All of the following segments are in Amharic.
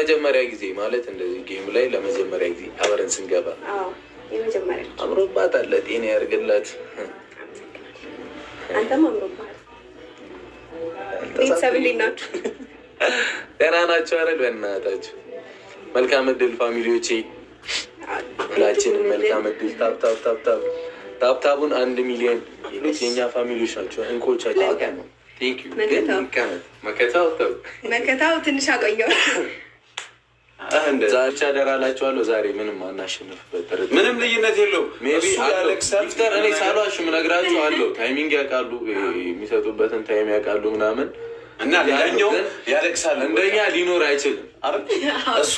ለመጀመሪያ ጊዜ ማለት እንደዚህ ጌም ላይ ለመጀመሪያ ጊዜ አብረን ስንገባ አምሮባት አለ ጤና ያርግላት። አንተም አምሮባታል። ቤተሰብ እንዴት ናችሁ? ደህና ናቸው አይደል? በእናታችሁ መልካም እድል ፋሚሊዎቼ፣ ሁላችንም መልካም እድል። ታብታብታብታብ ታብታቡን አንድ ሚሊዮን የኛ ፋሚሊዎች ናቸው እንኮቻቸው መከታው ትንሽ አቆየው። ዛቻ ዛሬ ምንም አናሸንፍበት፣ ምንም ልዩነት የለውም። እኔ ሳሏሽ አለው። ታይሚንግ ያውቃሉ፣ የሚሰጡበትን ታይም ያውቃሉ ምናምን እና ያኛው ያለቅሳል። እንደኛ ሊኖር አይችልም እሱ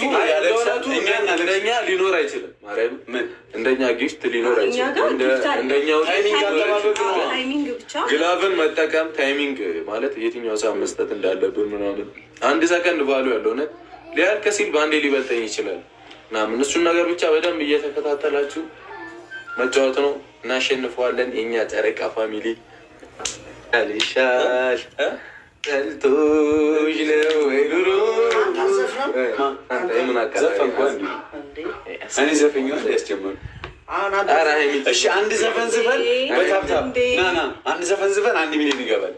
እንደኛ ሊኖር አይችልም። ማርያም እንደኛ ጊፍት ሊኖር አይችልም። ግላቭን መጠቀም ታይሚንግ ማለት የትኛው ሰዓት መስጠት እንዳለብን ምናምን አንድ ሰከንድ ባሉ ያለው ሊያልቅ ሲል በአንዴ ሊበልጠኝ ይችላል ምናምን። እሱን ነገር ብቻ በደንብ እየተከታተላችሁ መጫወት ነው። እናሸንፈዋለን። የእኛ ጨረቃ ፋሚሊ ሻል ጠልቶሽ ነው ወይ ኑሮ ምን ያስጀመሩ አንድ ዘፈን ዝፈን አንድ ዘፈን ዝፈን አንድ ሚሊዮን ይገባል።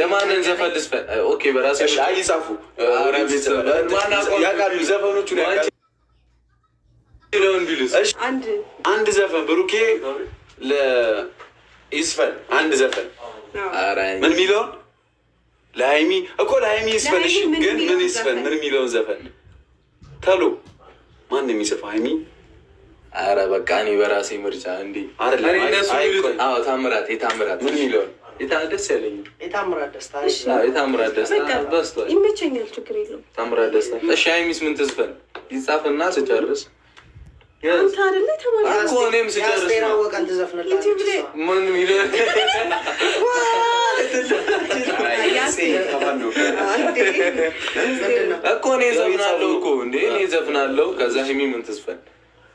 የማንን ዘፈን ልስፈን? አይጻፉ ያውቃሉ ዘፈኖቹ አንድ ዘፈን ብሩኬ አንድ ዘፈን ምን ለሀይሚ እኮ ለሀይሚ ይስፈን። ግን ምን ይስፈን? ምን ዘፈን ተሎ ማን የሚጽፈው ሀይሚ አረ በቃ እኔ በራሴ ምርጫ እንዲ ታምራት የታምራት ምን ይለውን ደስ ያለኝ የታምራት ደስታ ይመቸኛል፣ ችግር የለውም። ታምራት ደስታ እሺ። ሀይሚስ ምን ትዝፈን? ይጻፍና ስጨርስ እኔም ስጨርስ እኮ እኔ ዘፍናለሁ እኮ እንዴ እኔ ዘፍናለሁ። ከዛ ሀይሚ ምን ትዝፈን?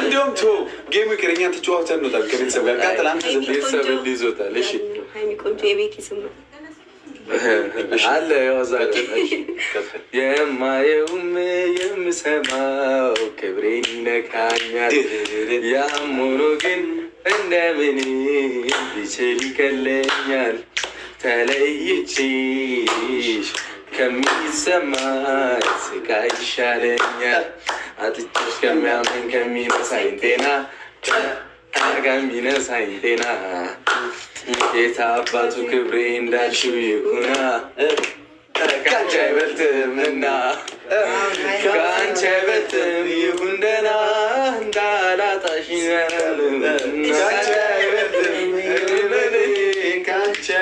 እንዲሁም ቶ ጌሙ ይቅርኛ ተጫዋታ እንወጣል ከቤተሰብ ጋር ቃ ትላንት ቤተሰብ ይዞታል። እሺ ቆንጆ የቤት ስም አለ ዋዛ የማየውም የምሰማው ክብሬን ይነካኛል። ያም ሆኖ ግን እንደምን ቢችል ይቀለኛል ተለይቼሽ ከሚሰማኝ ስቃይ ይሻለኛል። አጥቼሽ ከሚያመኝ ከሚነሳኝ ጤና ከሚነሳኝ ጤና ጌታ አባቱ ክብሬ እንዳልሽው ይሁና። ከአንቺ አይበልጥምና ከአንቺ አይበልጥም ይሁን ደህና እንዳላጣሽ ከአንቺ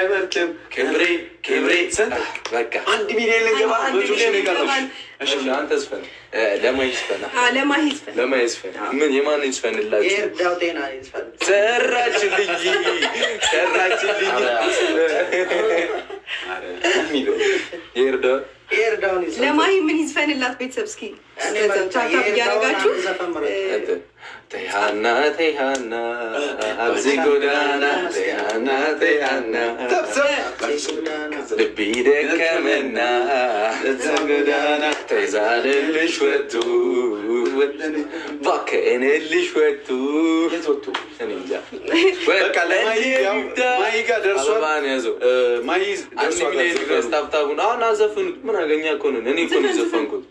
አይበልጥም ክብሬ ስንት አንድ ሚሊዮን ልንገባ ምን የማን ይስፈንላችሁ? ሰራችልኝ ለማሂ ምን ይዝፈንላት? ቤተሰብ እስኪ እያደረጋችሁ ተሃና ተሃና አብዚ ጎዳና ተሃና ተሃና ልቢ ደከመና እዛ ጎዳና ተይዛልልሽ ወጡ ባከእንልሽ ወጡ ታብታቡን አሁን አዘፍኑት። ምን አገኛ እኮ እኔ እኮ ነው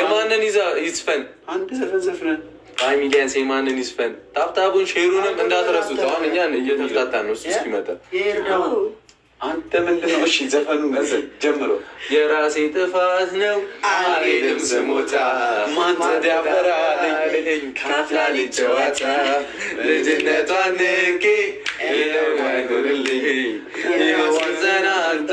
የማንን ይዛ ይዝፈን አንድ ዘፈን ዘፍነን ሚሊያን ሴማንን ይስፈን። ታብታቡን ሼሩንም እንዳትረሱት። አሁን እኛ እየተፍታታ ነው እሱ እስኪመጣ። አንተ ምንድን ነው? እሺ ዘፈኑ ጀምሮ የራሴ ጥፋት ነው አልሄድም ስሞታ ማን ካፍላ ልጨዋታ ልጅነቷ ንቄ ይኸው አይሆንልኝ ይኸው ዘናልታ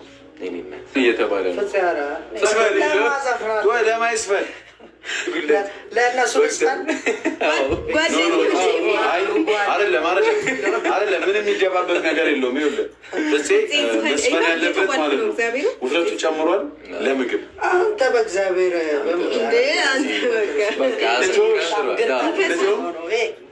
እየተባለ ነው። ለማይስፈር ለእነሱ አይደለም፣ ምንም ውፍረቱ ጨምሯል። ለምግብ አንተ በእግዚአብሔር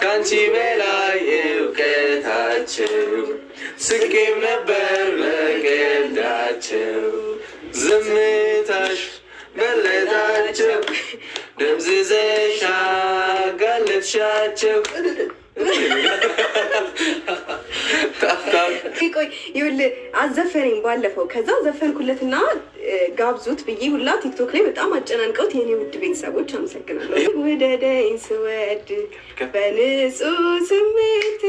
ከአንቺ በላይ እውቀታቸው ስቄም ነበር በቀልዳቸው ዝምታሽ በለታቸው ደብዝዘሻ ጋለጥሻቸው ቆይ ይኸውልህ አዘፈነኝ ባለፈው። ከዛ ዘፈንኩለትና ጋብዙት ብዬ ሁላ ቲክቶክ ላይ በጣም አጨናንቀውት፣ የኔ ውድ ቤተሰቦች አመሰግናለሁ። ውደደኝ ስወድ በንጹህ ስሜት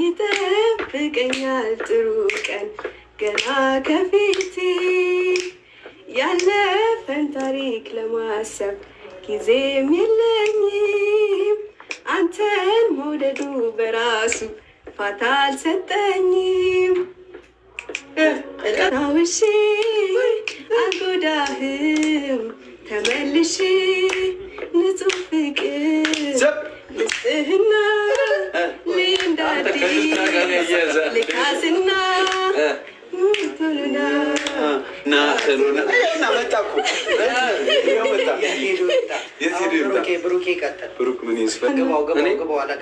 ይጠብቀኛል ጥሩ ቀን ገና ከፊት ያለፈን ታሪክ ለማሰብ ጊዜም የለኝም አንተን መውደዱ በራሱ ፋታ አልሰጠኝም። ናውሽ አልጎዳህም ተመልሽ ንጹህ ፍቅር ንጽህና ልንዳዲስ ልካስና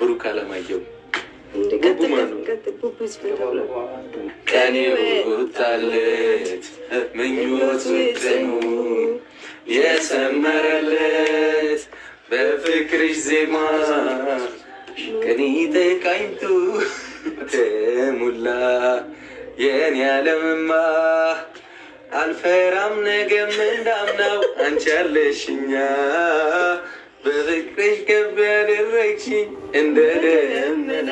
ብሩክ አለማየሁ ወጣለት ምኞት ውጥኑ የሰመረለት በፍቅርሽ ዜማ ቅኔ ተቃኝቱ ተሙላ የኔ ዓለምማ አልፈራም ነገም እንዳምናው አንቺ አለሽኛ በፍቅርሽ ገብ ያደረግሽኝ እንደ ደመና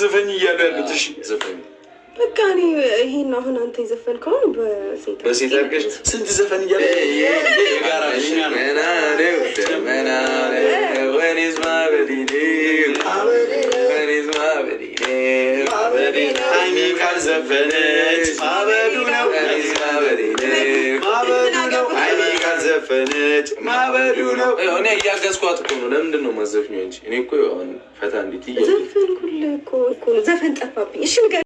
ዘፈኝ እያሉ ያሉት። እሺ ዘፈኝ በቃ እኔ ይሄን አሁን አንተ የዘፈንከውን በሴት አድርገሽ ስንት ዘፈን እያለ ካልዘፈነች ዘፈኑ ነው። እኔ እያገዝኳት እኮ ነው። ለምንድን ነው እንጂ እኔ እኮ ፈታ እንዴት ዘፈን ጠፋብኝ። እሺ ንገ